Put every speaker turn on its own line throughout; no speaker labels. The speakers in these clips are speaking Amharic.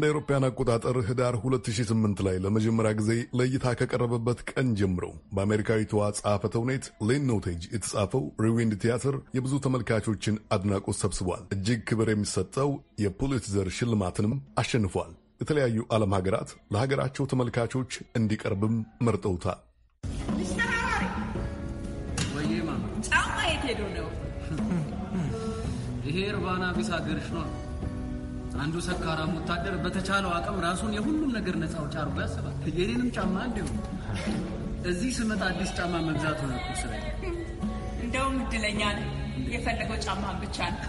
እንደ አውሮፓውያን አቆጣጠር ህዳር 2008 ላይ ለመጀመሪያ ጊዜ ለእይታ ከቀረበበት ቀን ጀምሮ በአሜሪካዊቷ ጸሐፌ ተውኔት ሌን ኖቴጅ የተጻፈው ሪዊንድ ቲያትር የብዙ ተመልካቾችን አድናቆት ሰብስቧል። እጅግ ክብር የሚሰጠው የፑሊትዘር ሽልማትንም አሸንፏል። የተለያዩ ዓለም ሀገራት ለሀገራቸው ተመልካቾች እንዲቀርብም መርጠውታል።
ይሄ እርባና ቢስ ሀገርሽ ነው። አንዱ ሰካራም ወታደር በተቻለው አቅም ራሱን የሁሉም ነገር ነፃ አውጪ አድርጎ ያስባል። የኔንም ጫማ እንዲሁ እዚህ ስመጣ አዲስ ጫማ መግዛት ሆነ
እኮ ስራ። እንደውም እድለኛ ነው የፈለገው ጫማ ብቻ ነው።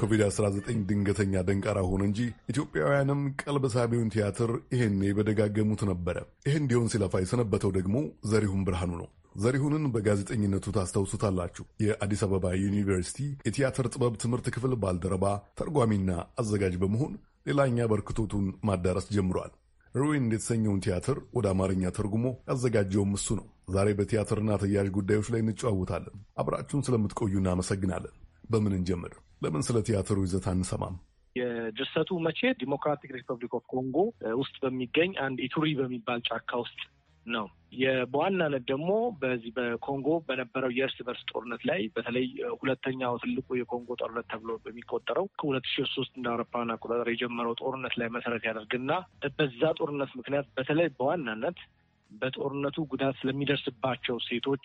ኮቪድ-19 ድንገተኛ ደንቃራ ሆነ እንጂ ኢትዮጵያውያንም ቀልብ ሳቢውን ቲያትር ይሄኔ በደጋገሙት ነበረ። ይህ እንዲሆን ሲለፋ የሰነበተው ደግሞ ዘሪሁን ብርሃኑ ነው። ዘሪሁንን በጋዜጠኝነቱ ታስታውሱታላችሁ። የአዲስ አበባ ዩኒቨርሲቲ የቲያትር ጥበብ ትምህርት ክፍል ባልደረባ፣ ተርጓሚና አዘጋጅ በመሆን ሌላኛ በርክቶቱን ማዳረስ ጀምሯል። ሩዊን እንደተሰኘውን ቲያትር ወደ አማርኛ ተርጉሞ ያዘጋጀውም እሱ ነው። ዛሬ በቲያትርና ተያያዥ ጉዳዮች ላይ እንጨዋወታለን። አብራችሁን ስለምትቆዩ እናመሰግናለን። በምን እንጀምር? ለምን ስለ ቲያትሩ ይዘት አንሰማም?
የድርሰቱ መቼ ዲሞክራቲክ ሪፐብሊክ ኦፍ ኮንጎ ውስጥ በሚገኝ አንድ ኢቱሪ በሚባል ጫካ ውስጥ ነው። በዋናነት ደግሞ በዚህ በኮንጎ በነበረው የእርስ በርስ ጦርነት ላይ በተለይ ሁለተኛው ትልቁ የኮንጎ ጦርነት ተብሎ በሚቆጠረው ከሁለት ሺ ሶስት እንደ አውሮፓውያን አቆጣጠር የጀመረው ጦርነት ላይ መሰረት ያደርግና በዛ ጦርነት ምክንያት በተለይ በዋናነት በጦርነቱ ጉዳት ስለሚደርስባቸው ሴቶች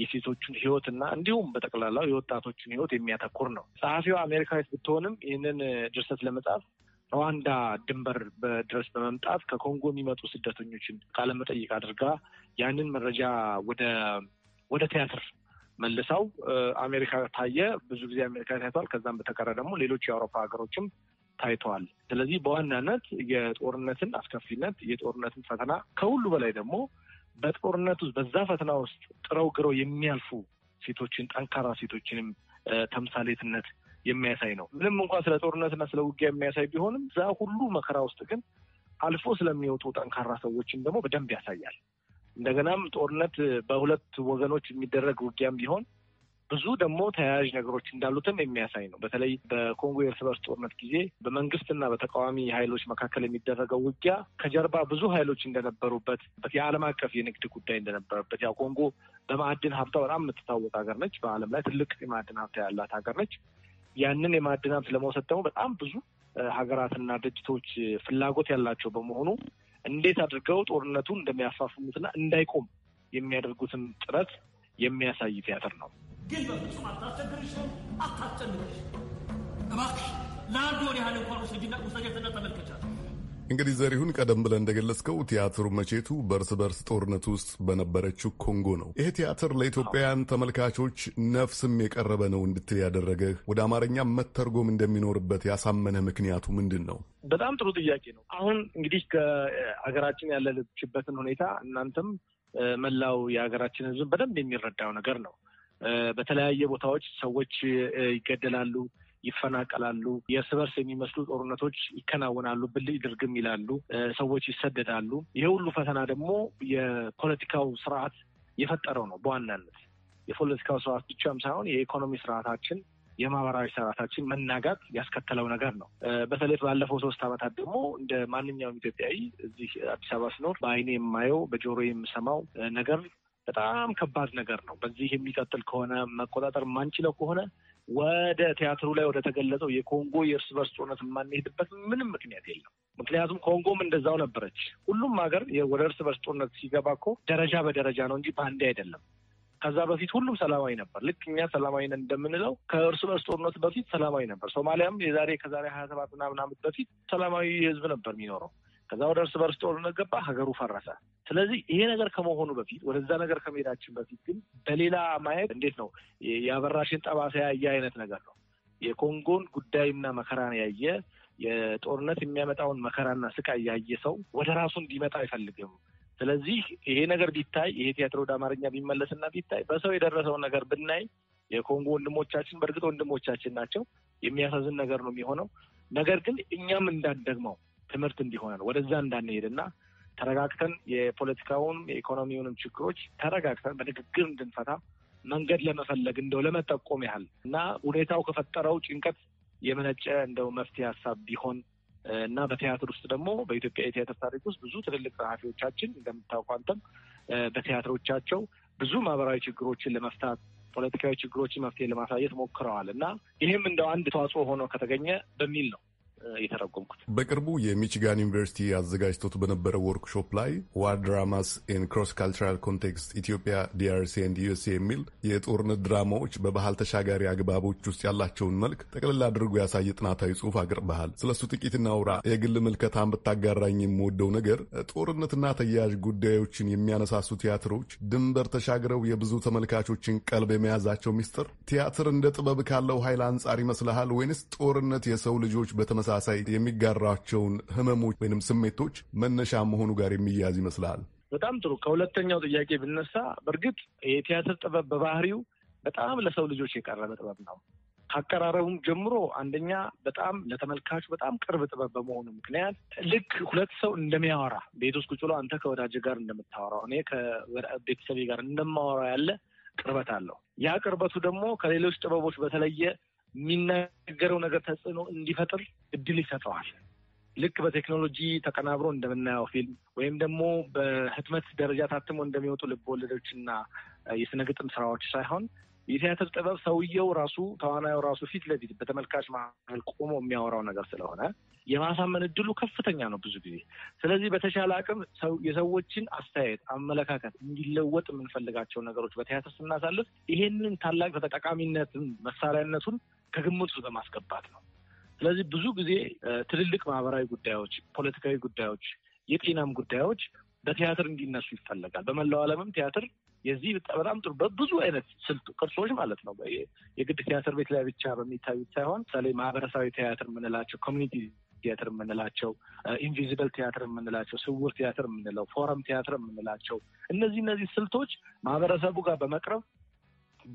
የሴቶቹን ህይወት እና እንዲሁም በጠቅላላው የወጣቶችን ህይወት የሚያተኩር ነው። ጸሐፊዋ አሜሪካዊት ብትሆንም ይህንን ድርሰት ለመጻፍ ሩዋንዳ ድንበር ድረስ በመምጣት ከኮንጎ የሚመጡ ስደተኞችን ቃለመጠይቅ አድርጋ ያንን መረጃ ወደ ወደ ቲያትር መልሰው አሜሪካ ታየ። ብዙ ጊዜ አሜሪካ ታይተዋል። ከዛም በተቀረ ደግሞ ሌሎች የአውሮፓ ሀገሮችም ታይተዋል። ስለዚህ በዋናነት የጦርነትን አስከፊነት፣ የጦርነትን ፈተና ከሁሉ በላይ ደግሞ በጦርነት ውስጥ በዛ ፈተና ውስጥ ጥረው ግረው የሚያልፉ ሴቶችን ጠንካራ ሴቶችንም ተምሳሌትነት የሚያሳይ ነው። ምንም እንኳን ስለ ጦርነትና ስለ ውጊያ የሚያሳይ ቢሆንም እዛ ሁሉ መከራ ውስጥ ግን አልፎ ስለሚወጡ ጠንካራ ሰዎችን ደግሞ በደንብ ያሳያል። እንደገናም ጦርነት በሁለት ወገኖች የሚደረግ ውጊያም ቢሆን ብዙ ደግሞ ተያያዥ ነገሮች እንዳሉትም የሚያሳይ ነው። በተለይ በኮንጎ የእርስ በርስ ጦርነት ጊዜ በመንግስትና በተቃዋሚ ኃይሎች መካከል የሚደረገው ውጊያ ከጀርባ ብዙ ኃይሎች እንደነበሩበት የዓለም አቀፍ የንግድ ጉዳይ እንደነበረበት ያው ኮንጎ በማዕድን ሀብታ በጣም የምትታወቅ ሀገር ነች። በዓለም ላይ ትልቅ የማዕድን ሀብታ ያላት ሀገር ነች። ያንን የማዕድን ለመውሰድ ደግሞ በጣም ብዙ ሀገራትና ድርጅቶች ፍላጎት ያላቸው በመሆኑ እንዴት አድርገው ጦርነቱን እንደሚያፋፍሙትና እንዳይቆም የሚያደርጉትን
ጥረት የሚያሳይ ቲያትር ነው።
ግን በፍጹም አታስቸግርሽ፣ አታስጨንቅሽ።
እባክሽ ለአንድ ወር ያህል እንኳን ውሰጅና ውሰጀትና ተመልከቻል
እንግዲህ ዘሪሁን፣ ቀደም ብለን እንደገለጽከው ቲያትሩ መቼቱ በእርስ በርስ ጦርነት ውስጥ በነበረችው ኮንጎ ነው። ይህ ቲያትር ለኢትዮጵያውያን ተመልካቾች ነፍስም የቀረበ ነው እንድትል ያደረገህ፣ ወደ አማርኛ መተርጎም እንደሚኖርበት ያሳመነህ ምክንያቱ ምንድን ነው?
በጣም ጥሩ ጥያቄ ነው። አሁን እንግዲህ ከሀገራችን ያለችበትን ሁኔታ እናንተም መላው የሀገራችን ሕዝብ በደንብ የሚረዳው ነገር ነው። በተለያየ ቦታዎች ሰዎች ይገደላሉ። ይፈናቀላሉ፣ የእርስ በርስ የሚመስሉ ጦርነቶች ይከናወናሉ፣ ብልጭ ድርግም ይላሉ፣ ሰዎች ይሰደዳሉ። ይሄ ሁሉ ፈተና ደግሞ የፖለቲካው ስርዓት የፈጠረው ነው። በዋናነት የፖለቲካው ስርዓት ብቻም ሳይሆን የኢኮኖሚ ስርዓታችን የማህበራዊ ስርዓታችን መናጋት ያስከተለው ነገር ነው። በተለይ ባለፈው ሶስት ዓመታት ደግሞ እንደ ማንኛውም ኢትዮጵያዊ እዚህ አዲስ አበባ ስኖር በአይኔ የማየው በጆሮ የምሰማው ነገር በጣም ከባድ ነገር ነው። በዚህ የሚቀጥል ከሆነ መቆጣጠር የማንችለው ከሆነ ወደ ቲያትሩ ላይ ወደ ተገለጸው የኮንጎ የእርስ በርስ ጦርነት የማንሄድበት ምንም ምክንያት የለም። ምክንያቱም ኮንጎም እንደዛው ነበረች። ሁሉም ሀገር ወደ እርስ በርስ ጦርነት ሲገባ እኮ ደረጃ በደረጃ ነው እንጂ በአንዴ አይደለም። ከዛ በፊት ሁሉም ሰላማዊ ነበር። ልክ እኛ ሰላማዊ ነን እንደምንለው ከእርስ በርስ ጦርነት በፊት ሰላማዊ ነበር። ሶማሊያም የዛሬ ከዛሬ ሀያ ሰባት ምናምን ዓመት በፊት ሰላማዊ ህዝብ ነበር የሚኖረው። ከዛ ወደ እርስ በርስ ጦርነት ገባ፣ ሀገሩ ፈረሰ። ስለዚህ ይሄ ነገር ከመሆኑ በፊት ወደዛ ነገር ከመሄዳችን በፊት ግን በሌላ ማየት እንዴት ነው የአበራሽን ጠባሳ ያየ አይነት ነገር ነው። የኮንጎን ጉዳይና መከራን ያየ የጦርነት የሚያመጣውን መከራና ስቃይ ያየ ሰው ወደ ራሱ እንዲመጣ አይፈልግም። ስለዚህ ይሄ ነገር ቢታይ ይሄ ቲያትር ወደ አማርኛ ቢመለስና ቢታይ በሰው የደረሰውን ነገር ብናይ የኮንጎ ወንድሞቻችን በእርግጥ ወንድሞቻችን ናቸው። የሚያሳዝን ነገር ነው የሚሆነው። ነገር ግን እኛም እንዳንደግመው ትምህርት ነው ወደዛ እንዳንሄድና ተረጋግተን የፖለቲካውን የኢኮኖሚውንም ችግሮች ተረጋግተን በንግግር እንድንፈታ መንገድ ለመፈለግ እንደው ለመጠቆም ያህል እና ሁኔታው ከፈጠረው ጭንቀት የመነጨ እንደው መፍትሄ ሀሳብ ቢሆን እና በቲያትር ውስጥ ደግሞ በኢትዮጵያ የቲያትር ታሪክ ውስጥ ብዙ ትልልቅ ጸሐፊዎቻችን እንደምታውቀው አንተም በቲያትሮቻቸው ብዙ ማህበራዊ ችግሮችን ለመፍታት ፖለቲካዊ ችግሮችን መፍትሄ ለማሳየት ሞክረዋል እና ይህም እንደው አንድ ተዋጽኦ ሆኖ ከተገኘ በሚል ነው። የተረጎምኩት።
በቅርቡ የሚችጋን ዩኒቨርሲቲ አዘጋጅቶት በነበረው ወርክሾፕ ላይ ዋር ድራማስ ኢን ክሮስ ካልቸራል ኮንቴክስት ኢትዮጵያ ዲአርሲ ኤንድ ዩኤስኤ የሚል የጦርነት ድራማዎች በባህል ተሻጋሪ አግባቦች ውስጥ ያላቸውን መልክ ጠቅልላ አድርጎ ያሳየ ጥናታዊ ጽሑፍ አቅርበሃል። ስለሱ ጥቂት እናውራ። የግል ምልከታን ብታጋራኝ የምወደው ነገር ጦርነትና ተያያዥ ጉዳዮችን የሚያነሳሱ ቲያትሮች ድንበር ተሻግረው የብዙ ተመልካቾችን ቀልብ የመያዛቸው ሚስጥር ቲያትር እንደ ጥበብ ካለው ኃይል አንጻር ይመስልሃል ወይንስ ጦርነት የሰው ልጆች በተመ በተመሳሳይ የሚጋራቸውን ህመሞች ወይንም ስሜቶች መነሻ መሆኑ ጋር የሚያያዝ ይመስላል።
በጣም ጥሩ። ከሁለተኛው ጥያቄ ብነሳ በእርግጥ የቲያትር ጥበብ በባህሪው በጣም ለሰው ልጆች የቀረበ ጥበብ ነው። ከአቀራረቡም ጀምሮ አንደኛ በጣም ለተመልካቹ በጣም ቅርብ ጥበብ በመሆኑ ምክንያት ልክ ሁለት ሰው እንደሚያወራ ቤት ውስጥ ቁጭ ብሎ አንተ ከወዳጅ ጋር እንደምታወራው እኔ ከቤተሰቤ ጋር እንደማወራው ያለ ቅርበት አለው። ያ ቅርበቱ ደግሞ ከሌሎች ጥበቦች በተለየ የሚናገረው ነገር ተጽዕኖ እንዲፈጥር እድል ይሰጠዋል። ልክ በቴክኖሎጂ ተቀናብሮ እንደምናየው ፊልም ወይም ደግሞ በህትመት ደረጃ ታትሞ እንደሚወጡ ልብ ወለዶችና የስነ ግጥም ስራዎች ሳይሆን የቲያትር ጥበብ ሰውየው ራሱ ተዋናዩ ራሱ ፊት ለፊት በተመልካች መሀል ቆሞ የሚያወራው ነገር ስለሆነ የማሳመን እድሉ ከፍተኛ ነው ብዙ ጊዜ። ስለዚህ በተሻለ አቅም የሰዎችን አስተያየት፣ አመለካከት እንዲለወጥ የምንፈልጋቸው ነገሮች በቲያትር ስናሳልፍ ይሄንን ታላቅ ተጠቃሚነትን መሳሪያነቱን ከግምት ውስጥ በማስገባት ነው። ስለዚህ ብዙ ጊዜ ትልልቅ ማህበራዊ ጉዳዮች፣ ፖለቲካዊ ጉዳዮች፣ የጤናም ጉዳዮች በቲያትር እንዲነሱ ይፈለጋል። በመላው ዓለምም ቲያትር የዚህ በጣም ጥሩ በብዙ አይነት ስልት ቅርሶች ማለት ነው። የግድ ቲያትር ቤት ላይ ብቻ በሚታዩት ሳይሆን ምሳሌ ማህበረሰባዊ ቲያትር የምንላቸው ኮሚኒቲ ቲያትር የምንላቸው ኢንቪዚብል ቲያትር የምንላቸው ስውር ቲያትር የምንለው ፎረም ቲያትር የምንላቸው እነዚህ እነዚህ ስልቶች ማህበረሰቡ ጋር በመቅረብ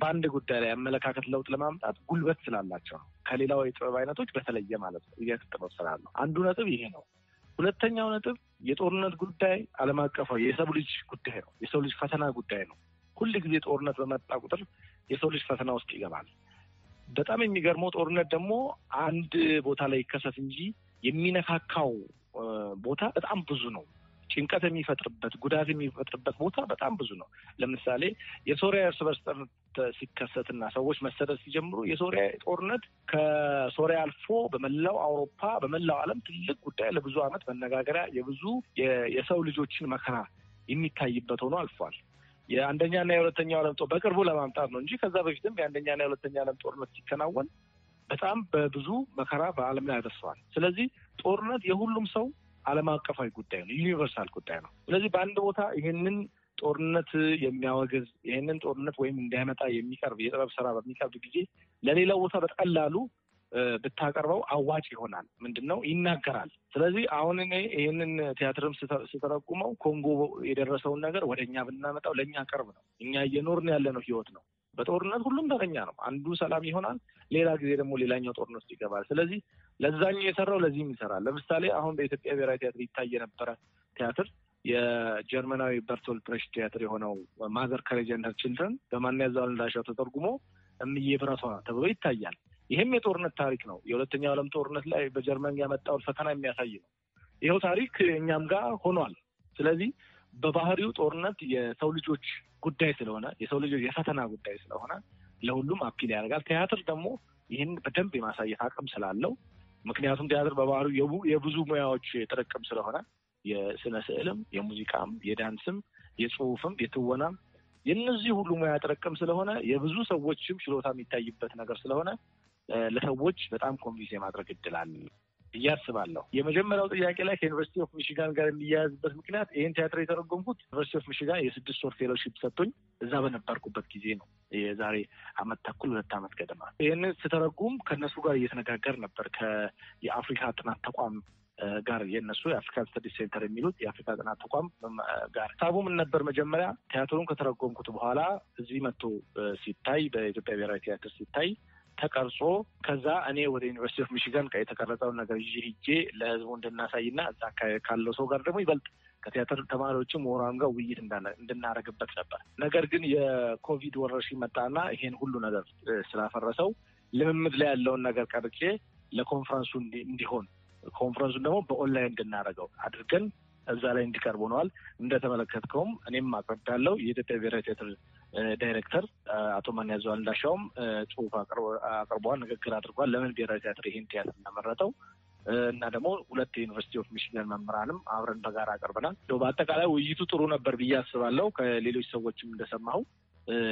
በአንድ ጉዳይ ላይ አመለካከት ለውጥ ለማምጣት ጉልበት ስላላቸው ነው። ከሌላው የጥበብ አይነቶች በተለየ ማለት ነው። ጥበብ ስላለ አንዱ ነጥብ ይሄ ነው። ሁለተኛው ነጥብ የጦርነት ጉዳይ ዓለም አቀፋዊ የሰው ልጅ ጉዳይ ነው። የሰው ልጅ ፈተና ጉዳይ ነው። ሁል ጊዜ ጦርነት በመጣ ቁጥር የሰው ልጅ ፈተና ውስጥ ይገባል። በጣም የሚገርመው ጦርነት ደግሞ አንድ ቦታ ላይ ይከሰት እንጂ የሚነካካው ቦታ በጣም ብዙ ነው። ጭንቀት የሚፈጥርበት ጉዳት የሚፈጥርበት ቦታ በጣም ብዙ ነው። ለምሳሌ የሶሪያ እርስ በርስ ጦርነት ሲከሰትና ሰዎች መሰረት ሲጀምሩ የሶሪያ ጦርነት ከሶሪያ አልፎ በመላው አውሮፓ፣ በመላው ዓለም ትልቅ ጉዳይ ለብዙ ዓመት መነጋገሪያ የብዙ የሰው ልጆችን መከራ የሚታይበት ሆኖ አልፏል። የአንደኛና የሁለተኛው ዓለም ጦር በቅርቡ ለማምጣት ነው እንጂ ከዛ በፊትም የአንደኛና የሁለተኛ ዓለም ጦርነት ሲከናወን በጣም በብዙ መከራ በዓለም ላይ ያደርሰዋል። ስለዚህ ጦርነት የሁሉም ሰው ዓለም አቀፋዊ ጉዳይ ነው፣ ዩኒቨርሳል ጉዳይ ነው። ስለዚህ በአንድ ቦታ ይህንን ጦርነት የሚያወግዝ ይህንን ጦርነት ወይም እንዳይመጣ የሚቀርብ የጥበብ ስራ በሚቀርብ ጊዜ ለሌላ ቦታ በቀላሉ ብታቀርበው አዋጭ ይሆናል። ምንድን ነው ይናገራል። ስለዚህ አሁን እኔ ይህንን ቲያትርም ስተረጉመው ኮንጎ የደረሰውን ነገር ወደ እኛ ብናመጣው ለእኛ ቅርብ ነው። እኛ እየኖርን ያለነው ህይወት ነው። በጦርነት ሁሉም ተረኛ ነው። አንዱ ሰላም ይሆናል፣ ሌላ ጊዜ ደግሞ ሌላኛው ጦርነት ውስጥ ይገባል። ስለዚህ ለዛኛው የሰራው ለዚህም ይሰራል። ለምሳሌ አሁን በኢትዮጵያ ብሔራዊ ቲያትር ይታይ የነበረ ቲያትር የጀርመናዊ በርቶል ፕሬሽ ቲያትር የሆነው ማዘር ከሬጀንደር ችልድረን በማን ያዘዋል እንዳሻው ተተርጉሞ እምዬ ብረቷ ተብሎ ይታያል። ይህም የጦርነት ታሪክ ነው። የሁለተኛው ዓለም ጦርነት ላይ በጀርመን ያመጣውን ፈተና የሚያሳይ ነው። ይኸው ታሪክ እኛም ጋር ሆኗል። ስለዚህ በባህሪው ጦርነት የሰው ልጆች ጉዳይ ስለሆነ የሰው ልጆች የፈተና ጉዳይ ስለሆነ ለሁሉም አፒል ያደርጋል። ቲያትር ደግሞ ይህን በደንብ የማሳየት አቅም ስላለው ምክንያቱም ቲያትር በባህሉ የብዙ ሙያዎች ጥርቅም ስለሆነ የስነ ስዕልም፣ የሙዚቃም፣ የዳንስም፣ የጽሁፍም፣ የትወናም የእነዚህ ሁሉ ሙያ ጥርቅም ስለሆነ የብዙ ሰዎችም ችሎታ የሚታይበት ነገር ስለሆነ ለሰዎች በጣም ኮንቪንስ የማድረግ እድል አለ። ብዬ አስባለሁ። የመጀመሪያው ጥያቄ ላይ ከዩኒቨርሲቲ ኦፍ ሚሽጋን ጋር የሚያያዝበት ምክንያት ይህን ቲያትር የተረጎምኩት ዩኒቨርሲቲ ኦፍ ሚሽጋን የስድስት ወር ፌሎሺፕ ሰጥቶኝ እዛ በነበርኩበት ጊዜ ነው። የዛሬ አመት ተኩል ሁለት አመት ገደማ ይህንን ስተረጉም ከእነሱ ጋር እየተነጋገር ነበር የአፍሪካ ጥናት ተቋም ጋር የነሱ የአፍሪካ ስተዲስ ሴንተር የሚሉት የአፍሪካ ጥናት ተቋም ጋር ሳቡ ምን ነበር መጀመሪያ ቲያትሩን ከተረጎምኩት በኋላ እዚህ መጥቶ ሲታይ በኢትዮጵያ ብሔራዊ ቲያትር ሲታይ ተቀርጾ ከዛ እኔ ወደ ዩኒቨርሲቲ ኦፍ ሚሽጋን የተቀረጸውን ነገር ይዤ ሂጄ ለህዝቡ እንድናሳይና እዛ ካለው ሰው ጋር ደግሞ ይበልጥ ከቲያትር ተማሪዎችም ምሁራን ጋር ውይይት እንድናደርግበት ነበር። ነገር ግን የኮቪድ ወረርሽኝ መጣና ይሄን ሁሉ ነገር ስላፈረሰው ልምምድ ላይ ያለውን ነገር ቀርጬ ለኮንፈረንሱ እንዲሆን ኮንፈረንሱን ደግሞ በኦንላይን እንድናደርገው አድርገን እዛ ላይ እንዲቀርቡ ሆነዋል። እንደተመለከትከውም እኔም አቅርቤያለሁ። የኢትዮጵያ ብሔራዊ ቲያትር ዳይሬክተር አቶ ማን ያዘዋል እንዳሻውም ጽሁፍ አቅርበዋል፣ ንግግር አድርጓል። ለምን ብሔራዊ ቲያትር ይህን ቲያትር እንደመረጠው እና ደግሞ ሁለት የዩኒቨርሲቲ ኦፍ ሚሽገን መምህራንም አብረን በጋራ አቅርበናል። በአጠቃላይ ውይይቱ ጥሩ ነበር ብዬ አስባለሁ። ከሌሎች ሰዎችም እንደሰማሁ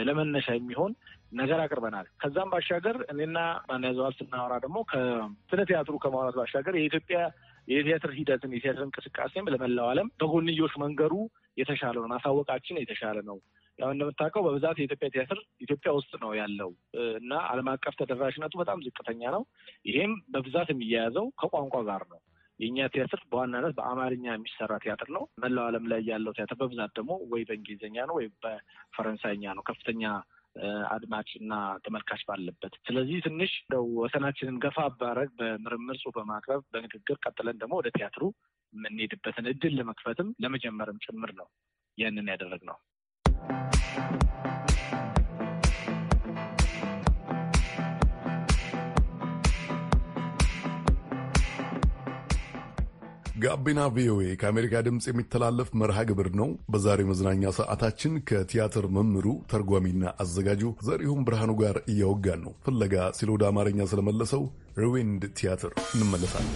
ለመነሻ የሚሆን ነገር አቅርበናል። ከዛም ባሻገር እኔና ማንያዘዋል ስናወራ ደግሞ ስለ ቲያትሩ ከማውራት ባሻገር የኢትዮጵያ የቲያትር ሂደትን የቲያትር እንቅስቃሴም ለመላው ዓለም በጎንዮሽ መንገዱ የተሻለ ነው፣ ማሳወቃችን የተሻለ ነው ያው እንደምታውቀው በብዛት የኢትዮጵያ ቲያትር ኢትዮጵያ ውስጥ ነው ያለው እና ዓለም አቀፍ ተደራሽነቱ በጣም ዝቅተኛ ነው። ይሄም በብዛት የሚያያዘው ከቋንቋ ጋር ነው። የእኛ ቲያትር በዋናነት በአማርኛ የሚሰራ ቲያትር ነው። መላው ዓለም ላይ ያለው ቲያትር በብዛት ደግሞ ወይ በእንግሊዝኛ ነው ወይ በፈረንሳይኛ ነው ከፍተኛ አድማጭ እና ተመልካች ባለበት። ስለዚህ ትንሽ ው ወሰናችንን ገፋ አባረግ በምርምር ጽሑፍ በማቅረብ በንግግር ቀጥለን ደግሞ ወደ ቲያትሩ የምንሄድበትን እድል ለመክፈትም ለመጀመርም ጭምር ነው ያንን ነው።
ጋቢና ቪኦኤ ከአሜሪካ ድምፅ የሚተላለፍ መርሃ ግብር ነው። በዛሬው መዝናኛ ሰዓታችን ከቲያትር መምህሩ ተርጓሚና አዘጋጁ ዘሪሁን ብርሃኑ ጋር እያወጋን ነው። ፍለጋ ሲል ወደ አማርኛ ስለመለሰው ሪዊንድ ቲያትር እንመለሳለን።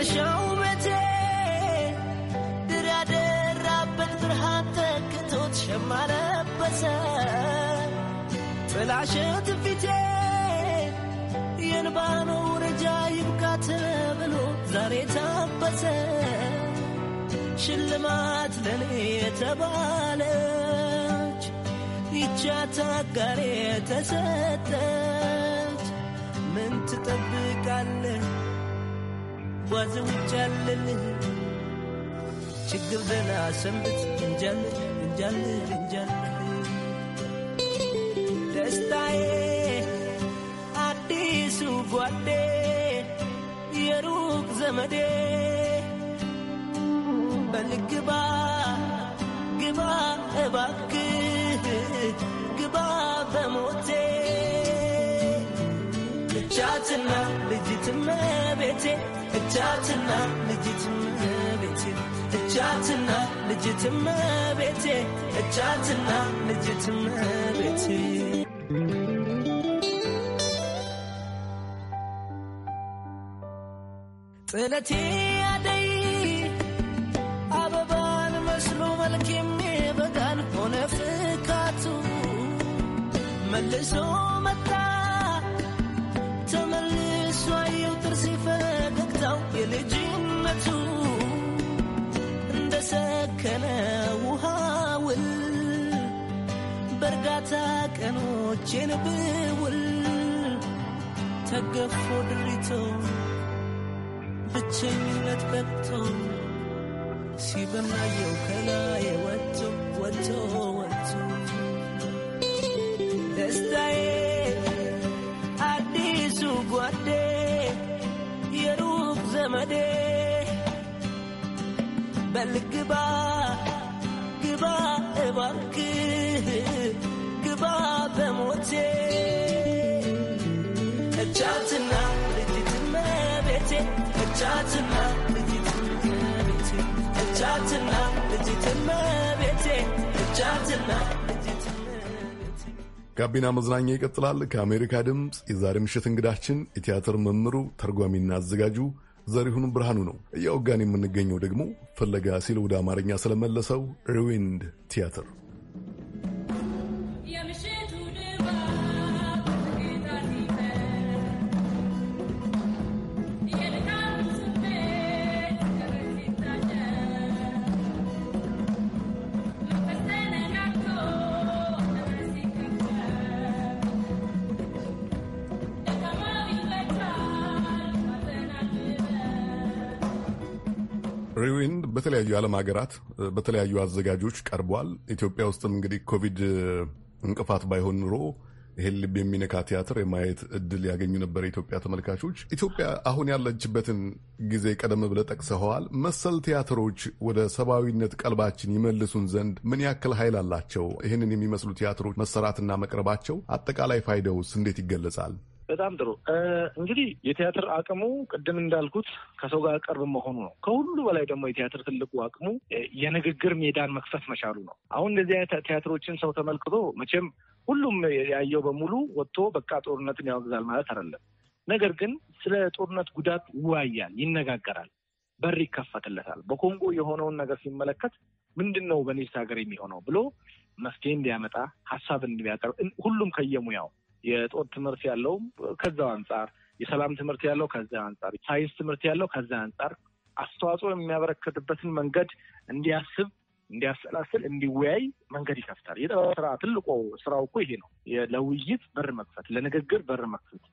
የመጨረሻው ውበቴ ድር ያደራበት ብርሃን ተክቶት ሸማ ለበሰ ጥላሸት ፊቴ የንባኖ ውረጃ ይብቃት ብሎ ዛሬ ታበሰ ሽልማት ለኔ የተባለች ይቻታ ጋር የተሰጠች ምን ትጠብቃለህ? ዋዘውቻለን ችግር ደህና ሰንብት እንጃል እንጃል እንጃል ደስታዬ አዲሱ ጓዴ የሩቅ ዘመዴ በልግባ ግባ እባክህ ግባ በሞቴ እቻትና ልጅትም ቤቴ እቻትና ልጅትም ቤቴ እቻትና ልጅትም ቤቴ እቻትና ልጅትም ቤቴ ጥለቴ ጀንብል ተገፎ ድሪቶ ብቸኝነት በቅቶ ሲበናየው ከላዬ ወጥቶ ወጥቶ ወጥቶ ደስታዬ አዲሱ ጓዴ የሩቅ ዘመዴ በልክ
ጋቢና መዝናኛ ይቀጥላል። ከአሜሪካ ድምፅ የዛሬ ምሽት እንግዳችን የቲያትር መምህሩ ተርጓሚና አዘጋጁ ዘሪሁን ብርሃኑ ነው። እያወጋን የምንገኘው ደግሞ ፈለጋ ሲል ወደ አማርኛ ስለመለሰው ሪዊንድ ቲያትር ከተለያዩ የዓለም ሀገራት በተለያዩ አዘጋጆች ቀርቧል። ኢትዮጵያ ውስጥም እንግዲህ ኮቪድ እንቅፋት ባይሆን ኑሮ ይህን ልብ የሚነካ ቲያትር የማየት እድል ያገኙ ነበር የኢትዮጵያ ተመልካቾች። ኢትዮጵያ አሁን ያለችበትን ጊዜ ቀደም ብለህ ጠቅሰኸዋል። መሰል ቲያትሮች ወደ ሰብአዊነት ቀልባችን ይመልሱን ዘንድ ምን ያክል ኃይል አላቸው? ይህንን የሚመስሉ ቲያትሮች መሰራትና መቅረባቸው አጠቃላይ ፋይዳውስ እንዴት ይገለጻል?
በጣም ጥሩ እንግዲህ የቲያትር አቅሙ ቅድም እንዳልኩት ከሰው ጋር ቅርብ መሆኑ ነው። ከሁሉ በላይ ደግሞ የቲያትር ትልቁ አቅሙ የንግግር ሜዳን መክፈት መቻሉ ነው። አሁን እንደዚህ አይነት ቲያትሮችን ሰው ተመልክቶ መቼም ሁሉም ያየው በሙሉ ወጥቶ በቃ ጦርነትን ያወግዛል ማለት አይደለም። ነገር ግን ስለ ጦርነት ጉዳት ይወያያል፣ ይነጋገራል፣ በር ይከፈትለታል። በኮንጎ የሆነውን ነገር ሲመለከት ምንድን ነው በኔስ ሀገር የሚሆነው ብሎ መፍትሄ እንዲያመጣ ሀሳብ እንዲያቀርብ ሁሉም ከየሙያው የጦር ትምህርት ያለው ከዛው አንጻር፣ የሰላም ትምህርት ያለው ከዛ አንጻር፣ ሳይንስ ትምህርት ያለው ከዛ አንጻር አስተዋጽኦ የሚያበረከትበትን መንገድ እንዲያስብ እንዲያሰላስል እንዲወያይ መንገድ ይከፍታል። የጥበብ ስራ ትልቁ ስራው እኮ ይሄ ነው። ለውይይት በር መክፈት፣ ለንግግር በር መክፈት፣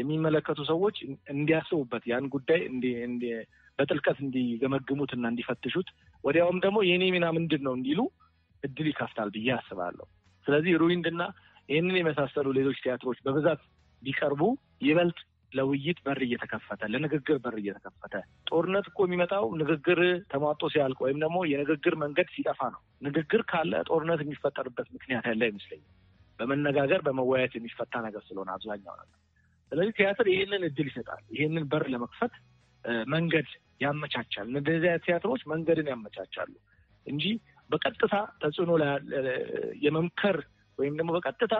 የሚመለከቱ ሰዎች እንዲያስቡበት፣ ያን ጉዳይ በጥልቀት እንዲገመግሙት እና እንዲፈትሹት፣ ወዲያውም ደግሞ የእኔ ሚና ምንድን ነው እንዲሉ እድል ይከፍታል ብዬ አስባለሁ። ስለዚህ ሩዊንድና ይህንን የመሳሰሉ ሌሎች ቲያትሮች በብዛት ቢቀርቡ ይበልጥ ለውይይት በር እየተከፈተ ለንግግር በር እየተከፈተ። ጦርነት እኮ የሚመጣው ንግግር ተሟጦ ሲያልቅ ወይም ደግሞ የንግግር መንገድ ሲጠፋ ነው። ንግግር ካለ ጦርነት የሚፈጠርበት ምክንያት ያለ አይመስለኝም። በመነጋገር በመወያየት የሚፈታ ነገር ስለሆነ አብዛኛው ነገር። ስለዚህ ቲያትር ይህንን እድል ይሰጣል። ይህንን በር ለመክፈት መንገድ ያመቻቻል። እነዚያ ቲያትሮች መንገድን ያመቻቻሉ እንጂ በቀጥታ ተጽዕኖ የመምከር ወይም ደግሞ በቀጥታ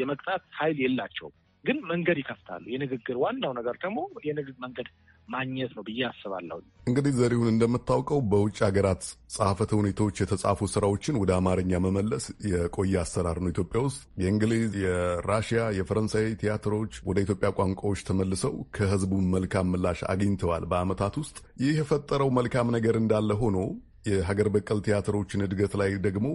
የመቅጣት ኃይል የላቸውም፣ ግን መንገድ ይከፍታሉ። የንግግር ዋናው ነገር ደግሞ የንግግር መንገድ ማግኘት ነው ብዬ አስባለሁ።
እንግዲህ ዘሪሁን፣ እንደምታውቀው በውጭ ሀገራት ጸሐፍተ ሁኔታዎች የተጻፉ ስራዎችን ወደ አማርኛ መመለስ የቆየ አሰራር ነው። ኢትዮጵያ ውስጥ የእንግሊዝ፣ የራሽያ፣ የፈረንሳይ ቲያትሮች ወደ ኢትዮጵያ ቋንቋዎች ተመልሰው ከህዝቡ መልካም ምላሽ አግኝተዋል በአመታት ውስጥ። ይህ የፈጠረው መልካም ነገር እንዳለ ሆኖ የሀገር በቀል ቲያትሮችን እድገት ላይ ደግሞ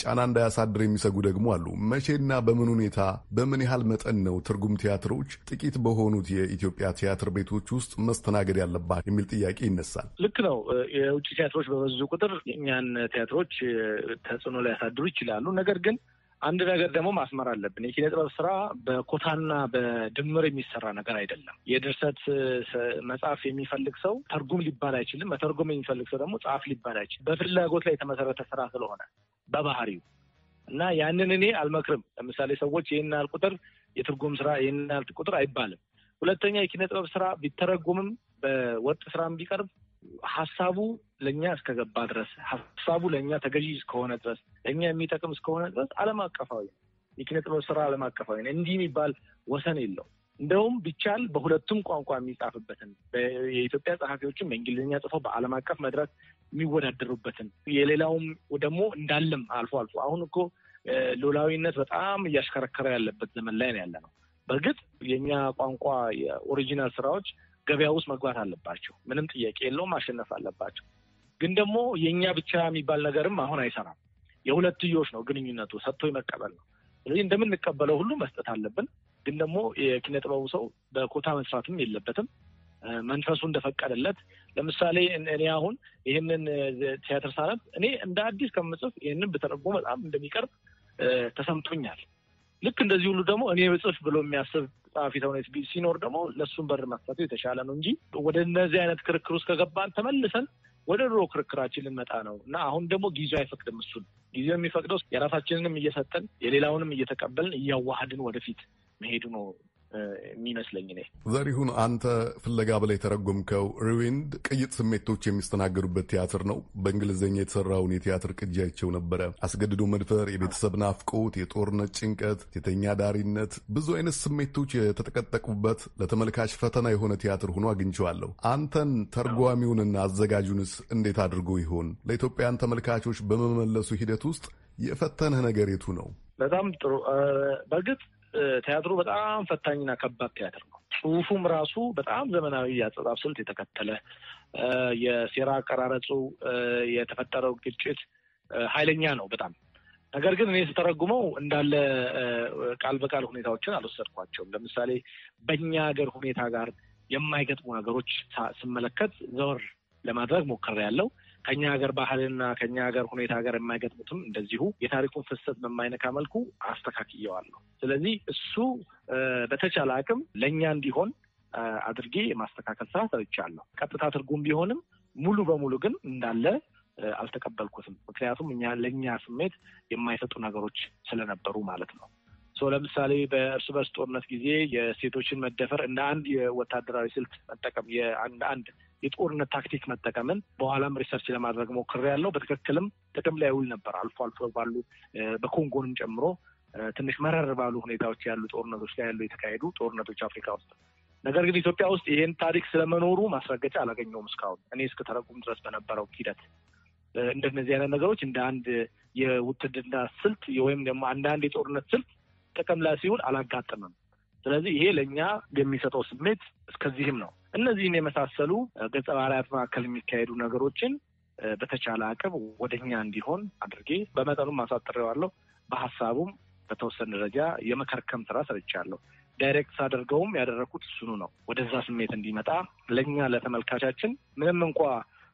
ጫና እንዳያሳድር የሚሰጉ ደግሞ አሉ። መቼና በምን ሁኔታ በምን ያህል መጠን ነው ትርጉም ቲያትሮች ጥቂት በሆኑት የኢትዮጵያ ቲያትር ቤቶች ውስጥ መስተናገድ ያለባት የሚል ጥያቄ ይነሳል።
ልክ ነው። የውጭ ቲያትሮች በበዙ ቁጥር የእኛን ቲያትሮች ተጽዕኖ ሊያሳድሩ ይችላሉ። ነገር ግን አንድ ነገር ደግሞ ማስመር አለብን። የኪነ ጥበብ ስራ
በኮታና
በድምር የሚሰራ ነገር አይደለም። የድርሰት መጽሐፍ የሚፈልግ ሰው ተርጉም ሊባል አይችልም። መተርጎም የሚፈልግ ሰው ደግሞ ጸሐፍ ሊባል አይችልም። በፍላጎት ላይ የተመሰረተ ስራ ስለሆነ በባህሪው እና ያንን እኔ አልመክርም። ለምሳሌ ሰዎች ይህን ያህል ቁጥር የትርጉም ስራ ይህን ያህል ቁጥር አይባልም። ሁለተኛ የኪነ ጥበብ ስራ ቢተረጎምም በወጥ ስራም ቢቀርብ ሀሳቡ ለእኛ እስከገባ ድረስ ሀሳቡ ለእኛ ተገዢ እስከሆነ ድረስ ለእኛ የሚጠቅም እስከሆነ ድረስ ዓለም አቀፋዊ ነው። የኪነ ጥበብ ስራ ዓለም አቀፋዊ ነው። እንዲህ የሚባል ወሰን የለው። እንደውም ቢቻል በሁለቱም ቋንቋ የሚጻፍበትን የኢትዮጵያ ጸሐፊዎችም በእንግሊዝኛ ጽፎ በዓለም አቀፍ መድረክ የሚወዳደሩበትን የሌላውም ደግሞ እንዳለም አልፎ አልፎ አሁን እኮ ሎላዊነት በጣም እያሽከረከረ ያለበት ዘመን ላይ ነው ያለ ነው። በእርግጥ የእኛ ቋንቋ የኦሪጂናል ስራዎች ገበያ ውስጥ መግባት አለባቸው። ምንም ጥያቄ የለውም። ማሸነፍ አለባቸው። ግን ደግሞ የእኛ ብቻ የሚባል ነገርም አሁን አይሰራም። የሁለትዮሽ ነው ግንኙነቱ፣ ሰጥቶ መቀበል ነው። ስለዚህ እንደምንቀበለው ሁሉ መስጠት አለብን። ግን ደግሞ የኪነ ጥበቡ ሰው በኮታ መስራትም የለበትም። መንፈሱ እንደፈቀደለት። ለምሳሌ እኔ አሁን ይህንን ቲያትር ሳነብ እኔ እንደ አዲስ ከምጽፍ ይህንን ብተረጎ በጣም እንደሚቀርብ ተሰምቶኛል። ልክ እንደዚህ ሁሉ ደግሞ እኔ ብጽፍ ብሎ የሚያስብ ጸሐፊ ተውኔት ሲኖር ደግሞ ለእሱን በር መክፈቱ የተሻለ ነው እንጂ ወደ እነዚህ አይነት ክርክር ውስጥ ከገባን ተመልሰን ወደ ድሮ ክርክራችን ልንመጣ ነው እና አሁን ደግሞ ጊዜው አይፈቅድም። እሱን ጊዜው የሚፈቅደው የራሳችንንም እየሰጠን የሌላውንም እየተቀበልን እያዋሃድን ወደፊት መሄዱ ነው የሚመስለኝ እኔ።
ዘሪሁን፣ አንተ ፍለጋ ብላ የተረጎምከው ሪዊንድ ቅይጥ ስሜቶች የሚስተናገዱበት ቲያትር ነው። በእንግሊዝኛ የተሰራውን የቲያትር ቅጃቸው ነበረ። አስገድዶ መድፈር፣ የቤተሰብ ናፍቆት፣ የጦርነት ጭንቀት፣ ሴተኛ ዳሪነት፣ ብዙ አይነት ስሜቶች የተጠቀጠቁበት ለተመልካች ፈተና የሆነ ቲያትር ሆኖ አግኝቸዋለሁ አንተን ተርጓሚውንና አዘጋጁንስ እንዴት አድርጎ ይሆን ለኢትዮጵያን ተመልካቾች በመመለሱ ሂደት ውስጥ የፈተነህ ነገር የቱ ነው?
በጣም ጥሩ። በእርግጥ ቲያትሩ በጣም ፈታኝና ከባድ ቲያትር ነው። ጽሁፉም ራሱ በጣም ዘመናዊ የአጻጻፍ ስልት የተከተለ የሴራ አቀራረጹ የተፈጠረው ግጭት ኃይለኛ ነው በጣም ነገር ግን እኔ ስተረጉመው እንዳለ ቃል በቃል ሁኔታዎችን አልወሰድኳቸውም። ለምሳሌ በእኛ ሀገር ሁኔታ ጋር የማይገጥሙ ነገሮች ስመለከት ዘወር ለማድረግ ሞክሬያለሁ። ከኛ ሀገር ባህልና ከኛ ሀገር ሁኔታ ጋር የማይገጥሙትም እንደዚሁ የታሪኩን ፍሰት በማይነካ መልኩ አስተካክየዋለሁ። ስለዚህ እሱ በተቻለ አቅም ለእኛ እንዲሆን አድርጌ የማስተካከል ስራ ሰርቻለሁ። ቀጥታ ትርጉም ቢሆንም ሙሉ በሙሉ ግን እንዳለ አልተቀበልኩትም። ምክንያቱም እኛ ለእኛ ስሜት የማይሰጡ ነገሮች ስለነበሩ ማለት ነው። ለምሳሌ በእርስ በርስ ጦርነት ጊዜ የሴቶችን መደፈር እንደ አንድ የወታደራዊ ስልት መጠቀም የአንድ አንድ የጦርነት ታክቲክ መጠቀምን በኋላም ሪሰርች ለማድረግ ሞክሬ ያለው በትክክልም ጥቅም ላይ ውል ነበር። አልፎ አልፎ ባሉ በኮንጎንም ጨምሮ ትንሽ መረር ባሉ ሁኔታዎች ያሉ ጦርነቶች ላይ ያሉ የተካሄዱ ጦርነቶች አፍሪካ ውስጥ ነገር ግን ኢትዮጵያ ውስጥ ይህን ታሪክ ስለመኖሩ ማስረገጫ አላገኘውም እስካሁን እኔ እስከተረጉም ድረስ በነበረው ሂደት እንደነዚህ አይነት ነገሮች እንደ አንድ የውትድርና ስልት ወይም ደግሞ አንዳንድ የጦርነት ስልት ጥቅም ላይ ሲውል አላጋጠምም። ስለዚህ ይሄ ለእኛ የሚሰጠው ስሜት እስከዚህም ነው። እነዚህን የመሳሰሉ ገጸ ባህሪያት መካከል የሚካሄዱ ነገሮችን በተቻለ አቅም ወደኛ እንዲሆን አድርጌ በመጠኑም አሳጥሬዋለሁ። በሀሳቡም በተወሰነ ደረጃ የመከርከም ስራ ሰርቻለሁ። ዳይሬክት ሳደርገውም ያደረኩት እሱኑ ነው። ወደዛ ስሜት እንዲመጣ ለእኛ ለተመልካቻችን ምንም እንኳ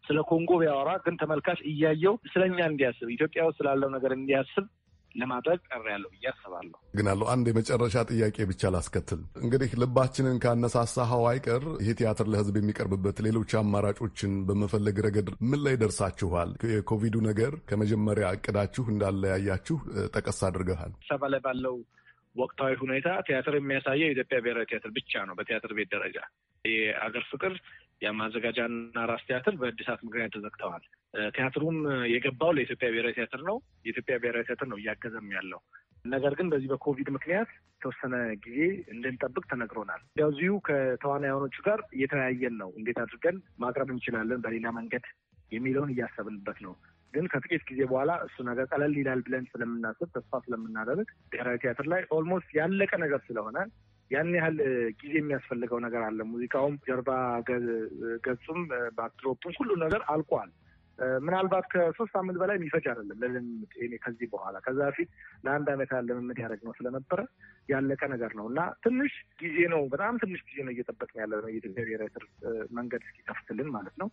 ስለ ኮንጎ ቢያወራ ግን ተመልካች እያየው ስለኛ እንዲያስብ ኢትዮጵያ ውስጥ ስላለው ነገር እንዲያስብ ለማድረግ ጠር ያለው ብዬ አስባለሁ።
ግን አለው አንድ የመጨረሻ ጥያቄ ብቻ ላስከትል። እንግዲህ ልባችንን ካነሳሳ ሀዋይ ይህ ቲያትር ለህዝብ የሚቀርብበት ሌሎች አማራጮችን በመፈለግ ረገድ ምን ላይ ደርሳችኋል? የኮቪዱ ነገር ከመጀመሪያ እቅዳችሁ እንዳለያያችሁ ጠቀስ አድርገሃል።
ሰባ ላይ ባለው ወቅታዊ ሁኔታ ቲያትር የሚያሳየው የኢትዮጵያ ብሔራዊ ቲያትር ብቻ ነው። በቲያትር ቤት ደረጃ የአገር ፍቅር የማዘጋጃና ራስ ቲያትር በእድሳት ምክንያት ተዘግተዋል። ቲያትሩም የገባው ለኢትዮጵያ ብሔራዊ ቲያትር ነው። የኢትዮጵያ ብሔራዊ ቲያትር ነው እያገዘም ያለው። ነገር ግን በዚህ በኮቪድ ምክንያት የተወሰነ ጊዜ እንድንጠብቅ ተነግሮናል። እዚሁ ከተዋናዮቹ ጋር እየተወያየን ነው፣ እንዴት አድርገን ማቅረብ እንችላለን በሌላ መንገድ የሚለውን እያሰብንበት ነው። ግን ከጥቂት ጊዜ በኋላ እሱ ነገር ቀለል ይላል ብለን ስለምናስብ ተስፋ ስለምናደርግ ብሔራዊ ቲያትር ላይ ኦልሞስት ያለቀ ነገር ስለሆነ ያን ያህል ጊዜ የሚያስፈልገው ነገር አለ። ሙዚቃውም ጀርባ ገጹም ባክድሮፕም ሁሉ ነገር አልቋል። ምናልባት ከሶስት ሳምንት በላይ የሚፈጅ አይደለም ለልምምድ ኔ ከዚህ በኋላ ከዛ በፊት ለአንድ ዓመት ያለ ልምምድ ያደረግ ነው ስለነበረ ያለቀ ነገር ነው እና ትንሽ ጊዜ ነው፣ በጣም ትንሽ ጊዜ ነው እየጠበቅን ያለ ነው የኢትዮጵያ መንገድ እስኪከፍትልን ማለት ነው።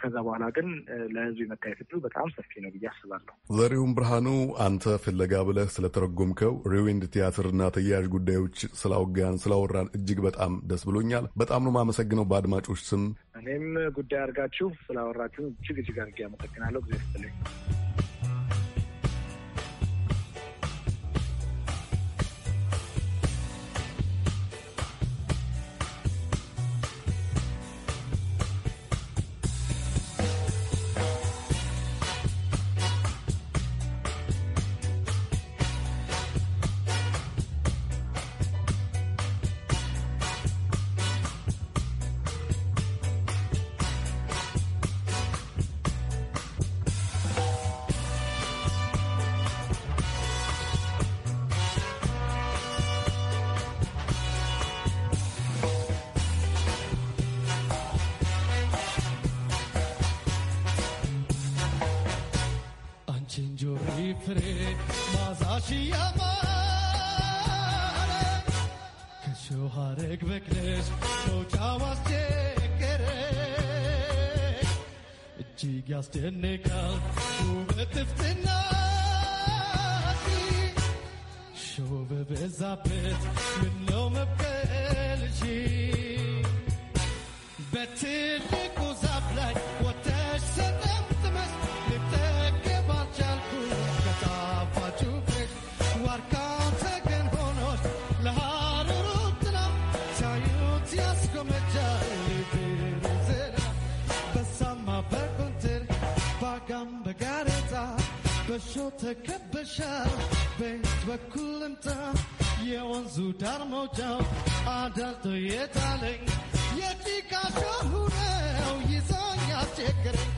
ከዛ በኋላ ግን ለህዝብ የመታየት ዕድሉ በጣም ሰፊ ነው ብዬ አስባለሁ።
ዘሪሁን ብርሃኑ፣ አንተ ፍለጋ ብለህ ስለተረጎምከው ሪዊንድ ቲያትርና ተያያዥ ጉዳዮች ስላወጋን ስላወራን እጅግ በጣም ደስ ብሎኛል። በጣም ነው የማመሰግነው። በአድማጮች ስም
እኔም ጉዳይ አድርጋችሁ ስላወራችሁ እጅግ እጅግ አድርጌ አመሰግናለሁ። ጊዜ ስትለኝ
रे माझाशी आम्हाला कशो हार एक वेगळेच शोच्या वाजते रे जिग्यास्ते निकाल उभे तिफते नाती शोभे बेजाबेत मिन्नो मेपेलची Better because I'm like በሾተ ከበሻል በየት በኩል እምጣ የወንዙ ዳር መውጫው አዳልቶ የታለኝ የቲካሾ ሁነው ይዞኝ አስቸግረኝ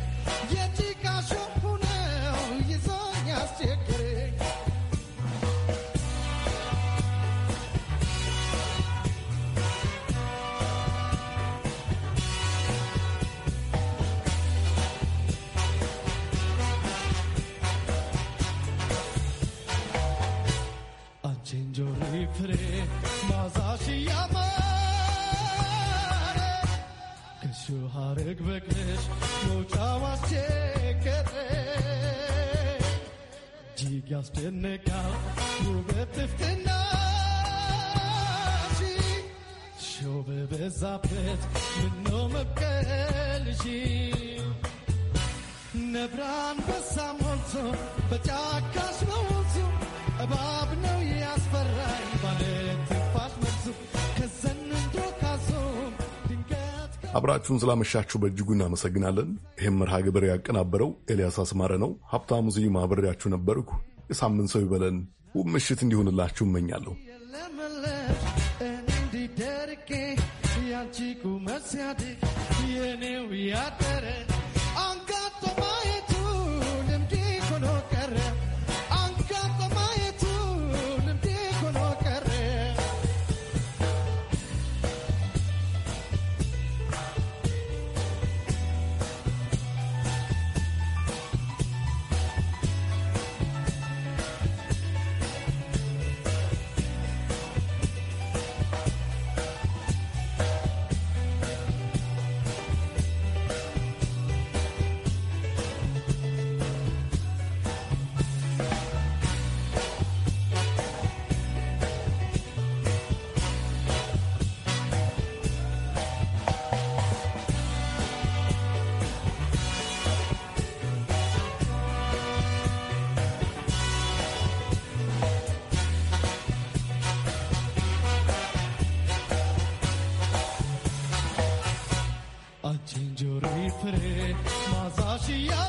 አብራችሁን ስላመሻችሁ በእጅጉ እናመሰግናለን። ይህም መርሃ ግብር ያቀናበረው ኤልያስ አስማረ ነው። ሀብታሙ ስዩም ማብሬያችሁ ነበርኩ። የሳምንት ሰው ይበለን። ውብ ምሽት እንዲሆንላችሁ እመኛለሁ።
Chico, mas se a frânt Maza